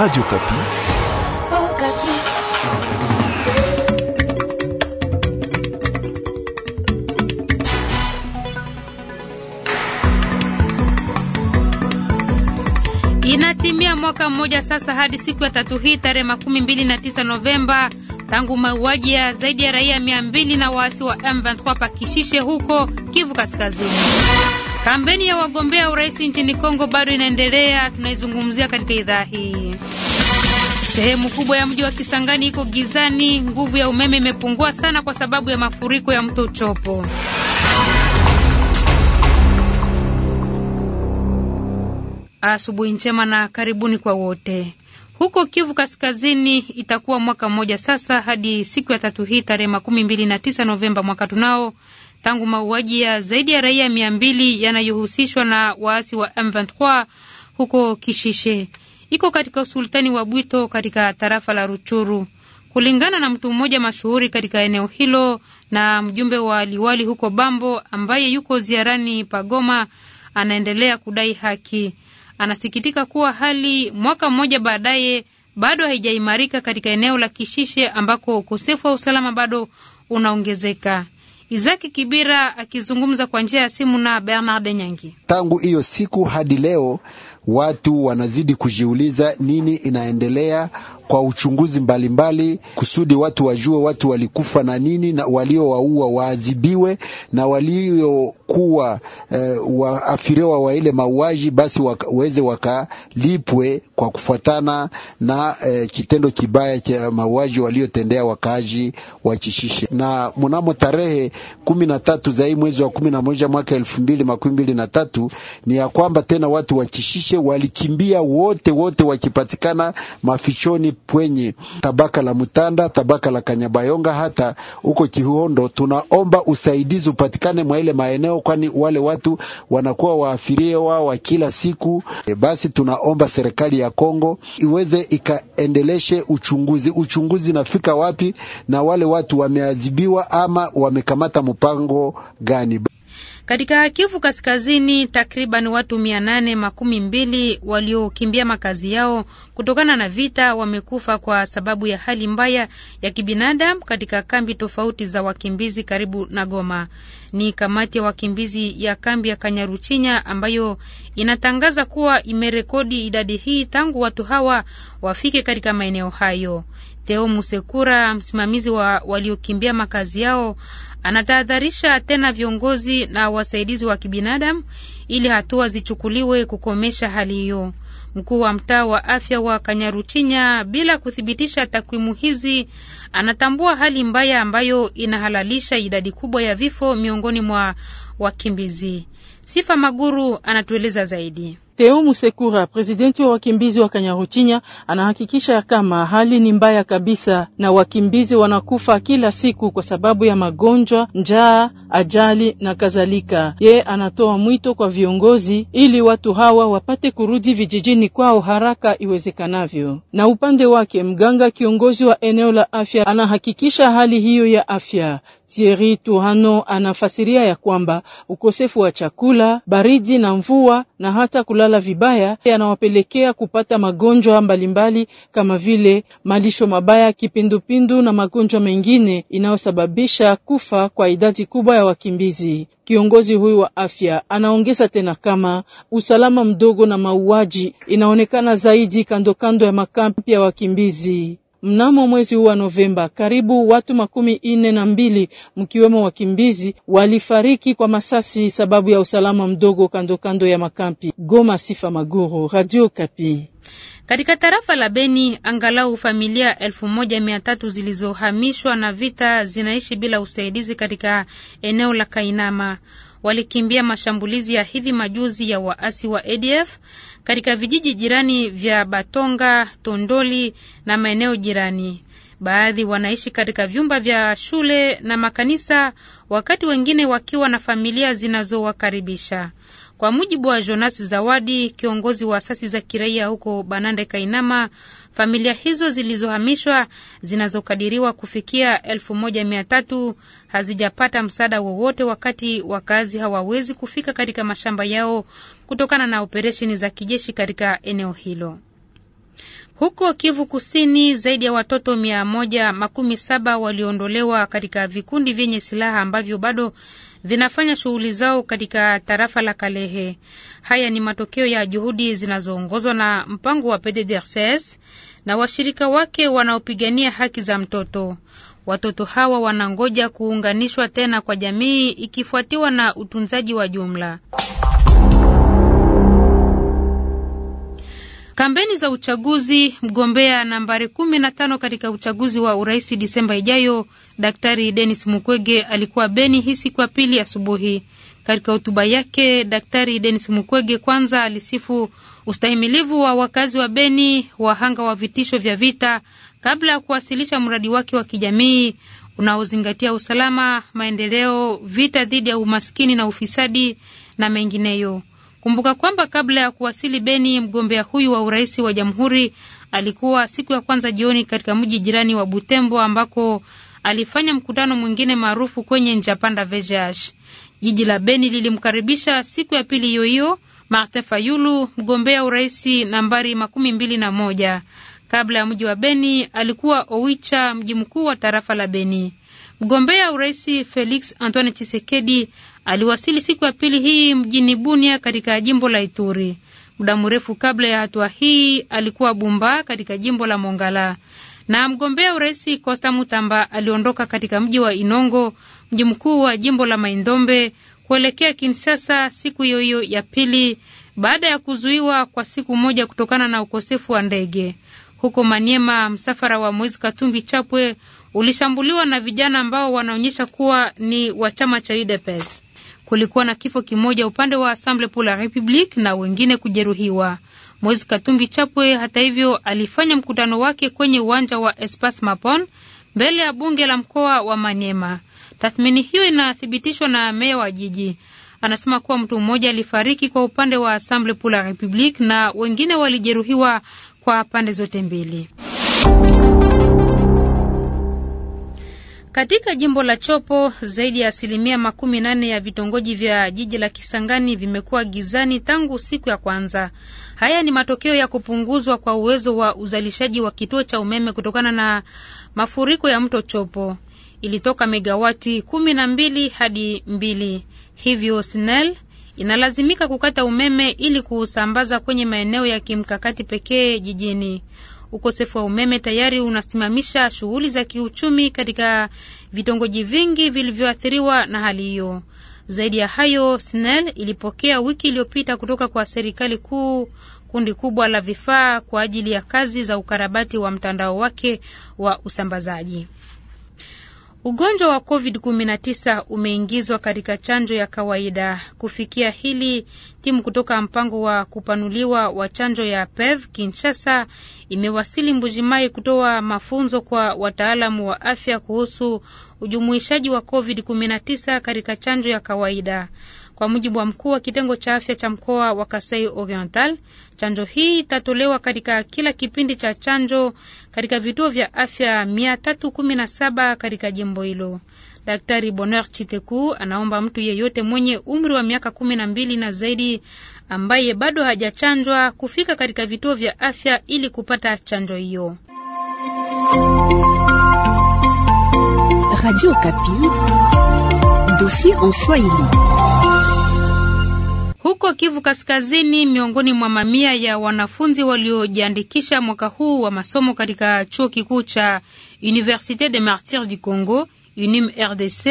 Radio Okapi. Oh, Inatimia mwaka mmoja sasa hadi siku ya tatu hii tarehe makumi mbili na tisa Novemba tangu mauaji ya zaidi ya raia mia mbili na waasi wa M23 pakishishe huko Kivu Kaskazini. Kampeni ya wagombea urais nchini Kongo bado inaendelea, tunaizungumzia katika idhaa hii. Sehemu kubwa ya mji wa Kisangani iko gizani, nguvu ya umeme imepungua sana kwa sababu ya mafuriko ya mto Chopo. Asubuhi njema na karibuni kwa wote. Huko Kivu Kaskazini itakuwa mwaka mmoja sasa hadi siku ya tatu hii tarehe makumi mbili na tisa Novemba mwaka tunao tangu mauaji ya zaidi ya raia mia mbili yanayohusishwa na waasi wa M23 huko Kishishe, iko katika usultani wa Bwito katika tarafa la Ruchuru, kulingana na mtu mmoja mashuhuri katika eneo hilo na mjumbe wa liwali huko Bambo ambaye yuko ziarani Pagoma. Anaendelea kudai haki. Anasikitika kuwa hali mwaka mmoja baadaye bado haijaimarika katika eneo la Kishishe ambako ukosefu wa usalama bado unaongezeka. Izaki Kibira akizungumza kwa njia ya simu na Bernard Nyangi. Tangu hiyo siku hadi leo watu wanazidi kujiuliza nini inaendelea kwa uchunguzi mbalimbali mbali, kusudi watu wajue watu walikufa na nini na waliowaua waadhibiwe na waliokuwa eh, waafiriwa wa ile mauaji basi waweze wakalipwe kwa kufuatana na eh, kitendo kibaya cha mauaji waliotendea wakaaji wachishishe. Na mnamo tarehe kumi na tatu za hii mwezi wa kumi na moja mwaka elfu mbili makumi mbili na tatu ni ya kwamba tena watu wachishishe walikimbia wote wote wakipatikana mafichoni kwenye tabaka la Mutanda, tabaka la Kanyabayonga, hata huko Kihondo. Tunaomba usaidizi upatikane mwa ile maeneo, kwani wale watu wanakuwa waathiriwa wa kila siku. E, basi tunaomba serikali ya Kongo iweze ikaendeleshe uchunguzi. Uchunguzi nafika wapi na wale watu wameadhibiwa ama wamekamata mpango gani? Katika Kivu Kaskazini, takriban watu mia nane makumi mbili waliokimbia makazi yao kutokana na vita wamekufa kwa sababu ya hali mbaya ya kibinadamu katika kambi tofauti za wakimbizi karibu na Goma. Ni kamati ya wakimbizi ya kambi ya Kanyaruchinya ambayo inatangaza kuwa imerekodi idadi hii tangu watu hawa wafike katika maeneo hayo. Theo Musekura, msimamizi wa waliokimbia makazi yao, Anatahadharisha tena viongozi na wasaidizi wa kibinadamu ili hatua zichukuliwe kukomesha hali hiyo. Mkuu wa mtaa wa afya wa Kanyaruchinya, bila kuthibitisha takwimu hizi, anatambua hali mbaya ambayo inahalalisha idadi kubwa ya vifo miongoni mwa wakimbizi. Sifa Maguru anatueleza zaidi. Teo Musekura, presidenti wa wakimbizi wa Kanyaruchinya, anahakikisha kama hali ni mbaya kabisa na wakimbizi wanakufa kila siku kwa sababu ya magonjwa, njaa, ajali na kadhalika. Yeye anatoa mwito kwa viongozi ili watu hawa wapate kurudi vijijini kwao haraka iwezekanavyo. Na upande wake, mganga kiongozi wa eneo la afya anahakikisha hali hiyo ya afya. Thierry Tuhano anafasiria ya kwamba ukosefu wa chakula, baridi na mvua na hata kulala vibaya yanawapelekea kupata magonjwa mbalimbali kama vile malisho mabaya, kipindupindu na magonjwa mengine inayosababisha kufa kwa idadi kubwa ya wakimbizi. Kiongozi huyu wa afya anaongeza tena kama usalama mdogo na mauaji inaonekana zaidi kando kando ya makampi ya wakimbizi. Mnamo mwezi huu wa Novemba, karibu watu makumi nne na mbili mkiwemo wakimbizi walifariki kwa masasi sababu ya usalama mdogo kando kando ya makampi. Goma, Sifa Maguru, Radio Kapi. Katika tarafa la Beni angalau familia elfu moja mia tatu zilizohamishwa na vita zinaishi bila usaidizi katika eneo la Kainama walikimbia mashambulizi ya hivi majuzi ya waasi wa ADF katika vijiji jirani vya Batonga, Tondoli na maeneo jirani. Baadhi wanaishi katika vyumba vya shule na makanisa, wakati wengine wakiwa na familia zinazowakaribisha. Kwa mujibu wa Jonas Zawadi, kiongozi wa asasi za kiraia huko Banande Kainama, familia hizo zilizohamishwa zinazokadiriwa kufikia elfu moja mia tatu hazijapata msaada wowote, wakati wakazi hawawezi kufika katika mashamba yao kutokana na operesheni za kijeshi katika eneo hilo. Huko Kivu Kusini, zaidi ya watoto mia moja makumi saba waliondolewa katika vikundi vyenye silaha ambavyo bado zinafanya shughuli zao katika tarafa la Kalehe. Haya ni matokeo ya juhudi zinazoongozwa na mpango wa PDDRCS na washirika wake wanaopigania haki za mtoto. Watoto hawa wanangoja kuunganishwa tena kwa jamii ikifuatiwa na utunzaji wa jumla. Kampeni za uchaguzi. Mgombea nambari kumi na tano katika uchaguzi wa urais Disemba ijayo, Daktari Denis Mukwege alikuwa Beni hii siku ya pili asubuhi. Katika hotuba yake, Daktari Denis Mukwege kwanza alisifu ustahimilivu wa wakazi wa Beni, wahanga wa vitisho vya vita, kabla ya kuwasilisha mradi wake wa kijamii unaozingatia usalama, maendeleo, vita dhidi ya umaskini na ufisadi na mengineyo. Kumbuka kwamba kabla ya kuwasili Beni, mgombea huyu wa urais wa jamhuri alikuwa siku ya kwanza jioni katika mji jirani wa Butembo ambako alifanya mkutano mwingine maarufu kwenye Njapanda Vejash. Jiji la Beni lilimkaribisha siku ya pili hiyo hiyo Martin Fayulu, mgombea urais nambari makumi mbili na moja. Kabla ya mji wa Beni alikuwa Owicha, mji mkuu wa tarafa la Beni. Mgombea uraisi Felix Antoine Chisekedi aliwasili siku ya pili hii mjini Bunia katika jimbo la Ituri. Muda mrefu kabla ya hatua hii alikuwa Bumba katika jimbo la Mongala, na mgombea uraisi Costa Mutamba aliondoka katika mji wa Inongo, mji mkuu wa jimbo la Maindombe, kuelekea Kinshasa siku hiyo hiyo ya pili baada ya kuzuiwa kwa siku moja kutokana na ukosefu wa ndege. Huko Maniema, msafara wa Moise Katumbi Chapwe ulishambuliwa na vijana ambao wanaonyesha kuwa ni wa chama cha UDPS. Kulikuwa na kifo kimoja upande wa Assemble pour la Republique na wengine kujeruhiwa. Moise Katumbi Chapwe hata hivyo alifanya mkutano wake kwenye uwanja wa Espace Mapon mbele ya bunge la mkoa wa Maniema. Tathmini hiyo inathibitishwa na meya wa jiji. Anasema kuwa mtu mmoja alifariki kwa upande wa Assemble pour la Republique na wengine walijeruhiwa kwa pande zote mbili. Katika jimbo la Chopo zaidi ya asilimia makumi nane ya vitongoji vya jiji la Kisangani vimekuwa gizani tangu siku ya kwanza. Haya ni matokeo ya kupunguzwa kwa uwezo wa uzalishaji wa kituo cha umeme kutokana na mafuriko ya mto Chopo. Ilitoka megawati kumi na mbili hadi mbili, hivyo SNEL inalazimika kukata umeme ili kuusambaza kwenye maeneo ya kimkakati pekee jijini. Ukosefu wa umeme tayari unasimamisha shughuli za kiuchumi katika vitongoji vingi vilivyoathiriwa na hali hiyo. Zaidi ya hayo, SNEL ilipokea wiki iliyopita kutoka kwa serikali kuu kundi kubwa la vifaa kwa ajili ya kazi za ukarabati wa mtandao wake wa usambazaji. Ugonjwa wa COVID-19 umeingizwa katika chanjo ya kawaida. Kufikia hili, timu kutoka mpango wa kupanuliwa wa chanjo ya PEV Kinshasa imewasili Mbujimai kutoa mafunzo kwa wataalamu wa afya kuhusu ujumuishaji wa COVID-19 katika chanjo ya kawaida. Kwa mujibu wa mkuu wa kitengo cha afya cha mkoa wa Kasai Oriental, chanjo hii itatolewa katika kila kipindi cha chanjo katika vituo vya afya mia tatu kumi na saba katika jimbo hilo. Daktari Bonheur Chiteku anaomba mtu yeyote mwenye umri wa miaka kumi na mbili na zaidi ambaye bado hajachanjwa kufika katika vituo vya afya ili kupata chanjo hiyo. Radio Kapi, en Swahili. Huko Kivu Kaskazini, miongoni mwa mamia ya wanafunzi waliojiandikisha mwaka huu wa masomo katika chuo kikuu cha Universite de martir du Congo UNIM RDC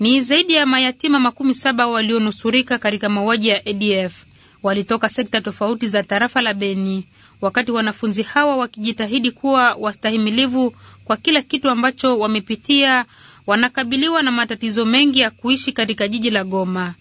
ni zaidi ya mayatima makumi saba walionusurika katika mauaji ya ADF walitoka sekta tofauti za tarafa la Beni. Wakati wanafunzi hawa wakijitahidi kuwa wastahimilivu kwa kila kitu ambacho wamepitia, wanakabiliwa na matatizo mengi ya kuishi katika jiji la Goma.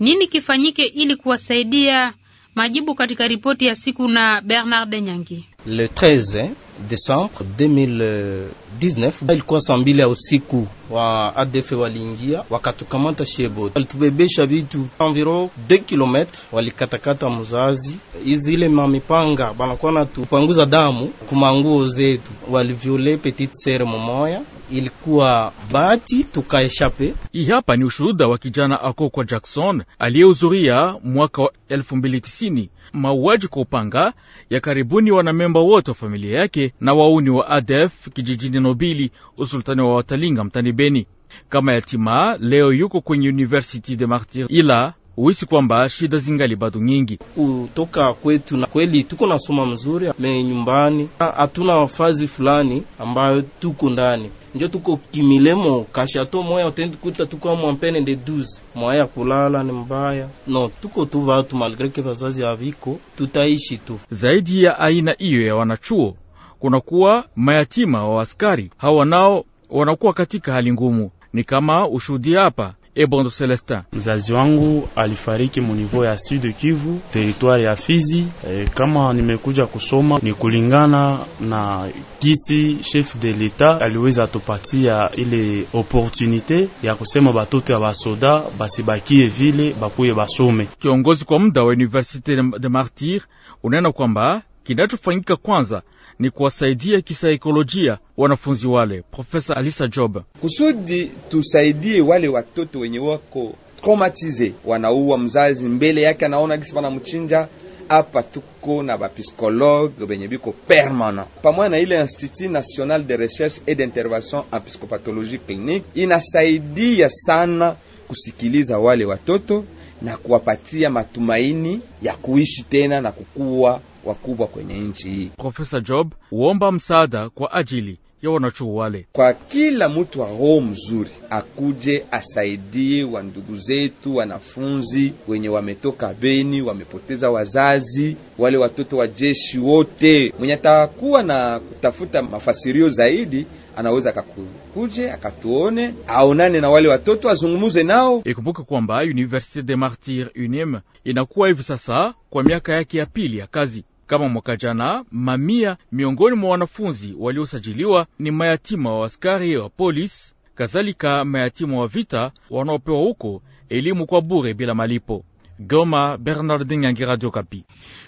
Nini kifanyike ili kuwasaidia? Majibu katika ripoti ya siku na Bernard Nyangi. Le 13 Desembre 2019 ilikuwa saa mbili ya usiku, wa ADF waliingia wakatukamata Shebo, walitubebesha vitu environ 2 km, walikatakata mzazi izile mamipanga, banakuwa natupanguza damu kumanguo zetu, waliviole petite sere momoya ilikuwa bati tukaeshape. Hii hapa ni ushuhuda wa kijana Akokwa Jackson aliyehudhuria mwaka wa 2009 mauaji kwa upanga ya karibuni wanamemba wote wa familia yake na wauni wa ADF kijijini Nobili, usultani wa Watalinga mtani Beni. Kama yatima leo yuko kwenye University de Martyr, ila uisi kwamba shida zingali bado nyingi. Kutoka kwetu na kweli tuko na soma mzuri me nyumbani, hatuna wafazi fulani ambayo tuko ndani njo tuko kimilemo kashato moya kuta tuko mwampene de 12 mwaya ya kulala ni mbaya. No, tuko tu vatu malgre ke vazazi aviko tutaishi tu. Zaidi ya aina iyo ya wanachuo kunakuwa mayatima wa askari hawa, nao wanakuwa katika hali ngumu, ni kama ushuhudia hapa. Ebondo Celestin, mzazi wangu alifariki munivo ya Sud Kivu, teritwari ya Fizi. E, kama nimekuja kusoma ni kulingana na kisi chef de l'etat aliweza tupatia ile opportunite ya kusema batoto ya basoda basibakie vile bakuye basome. Kiongozi kwa muda wa Universite de Martir unena kwamba kinachofanyika kwanza ni kuwasaidia kisaikolojia wanafunzi wale. Profesa Alisa Job: kusudi tusaidie wale watoto wenye wako traumatize, wanauwa mzazi mbele yake anaona gisi banamchinja hapa tuko na bapsikologe benye biko permanent pamoja na ile Institut National de Recherche et d'Intervention en Psychopathologie Clinique inasaidia sana kusikiliza wale watoto na kuwapatia matumaini ya kuishi tena na kukua wakubwa kwenye nchi hii. Profesa Job huomba msaada kwa ajili ya wanachuo wale, kwa kila mtu wa roho mzuri akuje asaidie wandugu zetu wanafunzi wenye wametoka Beni, wamepoteza wazazi, wale watoto wa jeshi wote. Mwenye atakuwa na kutafuta mafasirio zaidi anaweza akakuje akatuone, aonane na wale watoto, azungumuze nao. Ikumbuke kwamba Universite de martyr UNIM inakuwa hivi sasa kwa miaka yake ya pili ya kazi. Kama mwaka jana, mamia miongoni mwa wanafunzi waliosajiliwa ni mayatima wa askari wa polisi, kazalika mayatima wa vita wanaopewa huko elimu kwa bure bila malipo. Goma, Bernardin Yangi, Radio Kapi.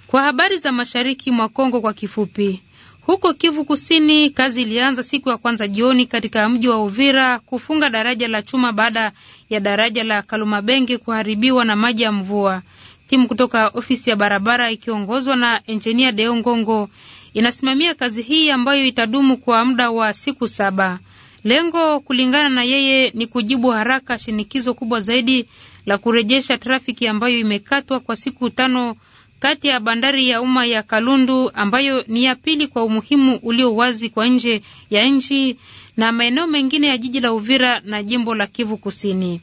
Kwa habari za mashariki mwa Kongo kwa kifupi, huko Kivu Kusini, kazi ilianza siku ya kwanza jioni katika mji wa Uvira kufunga daraja la chuma baada ya daraja la Kalumabenge kuharibiwa na maji ya mvua. Timu kutoka ofisi ya barabara ikiongozwa na enjinia Deo Ngongo inasimamia kazi hii ambayo itadumu kwa muda wa siku saba. Lengo kulingana na yeye ni kujibu haraka shinikizo kubwa zaidi la kurejesha trafiki ambayo imekatwa kwa siku tano kati ya bandari ya umma ya Kalundu ambayo ni ya pili kwa umuhimu ulio wazi kwa nje ya nchi na maeneo mengine ya jiji la Uvira na jimbo la Kivu Kusini.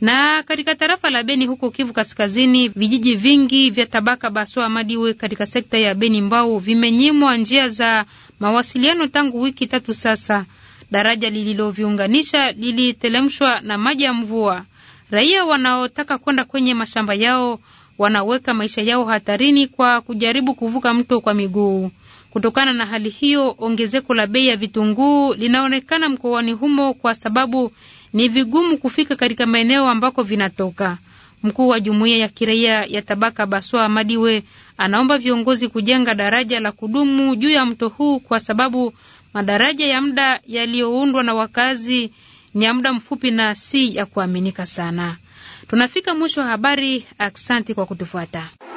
Na katika tarafa la Beni huko Kivu Kaskazini, vijiji vingi vya tabaka Baswa Madiwe katika sekta ya Beni Mbau vimenyimwa njia za mawasiliano tangu wiki tatu sasa. Daraja lililoviunganisha lilitelemshwa na maji ya mvua. Raia wanaotaka kwenda kwenye mashamba yao wanaweka maisha yao hatarini kwa kujaribu kuvuka mto kwa miguu. Kutokana na hali hiyo, ongezeko la bei ya vitunguu linaonekana mkoani humo kwa sababu ni vigumu kufika katika maeneo ambako vinatoka. Mkuu wa jumuiya ya kiraia ya tabaka Baswa Madiwe anaomba viongozi kujenga daraja la kudumu juu ya mto huu kwa sababu madaraja ya muda yaliyoundwa na wakazi ni ya muda mfupi na si ya kuaminika sana. Tunafika mwisho wa habari. Aksanti kwa kutufuata.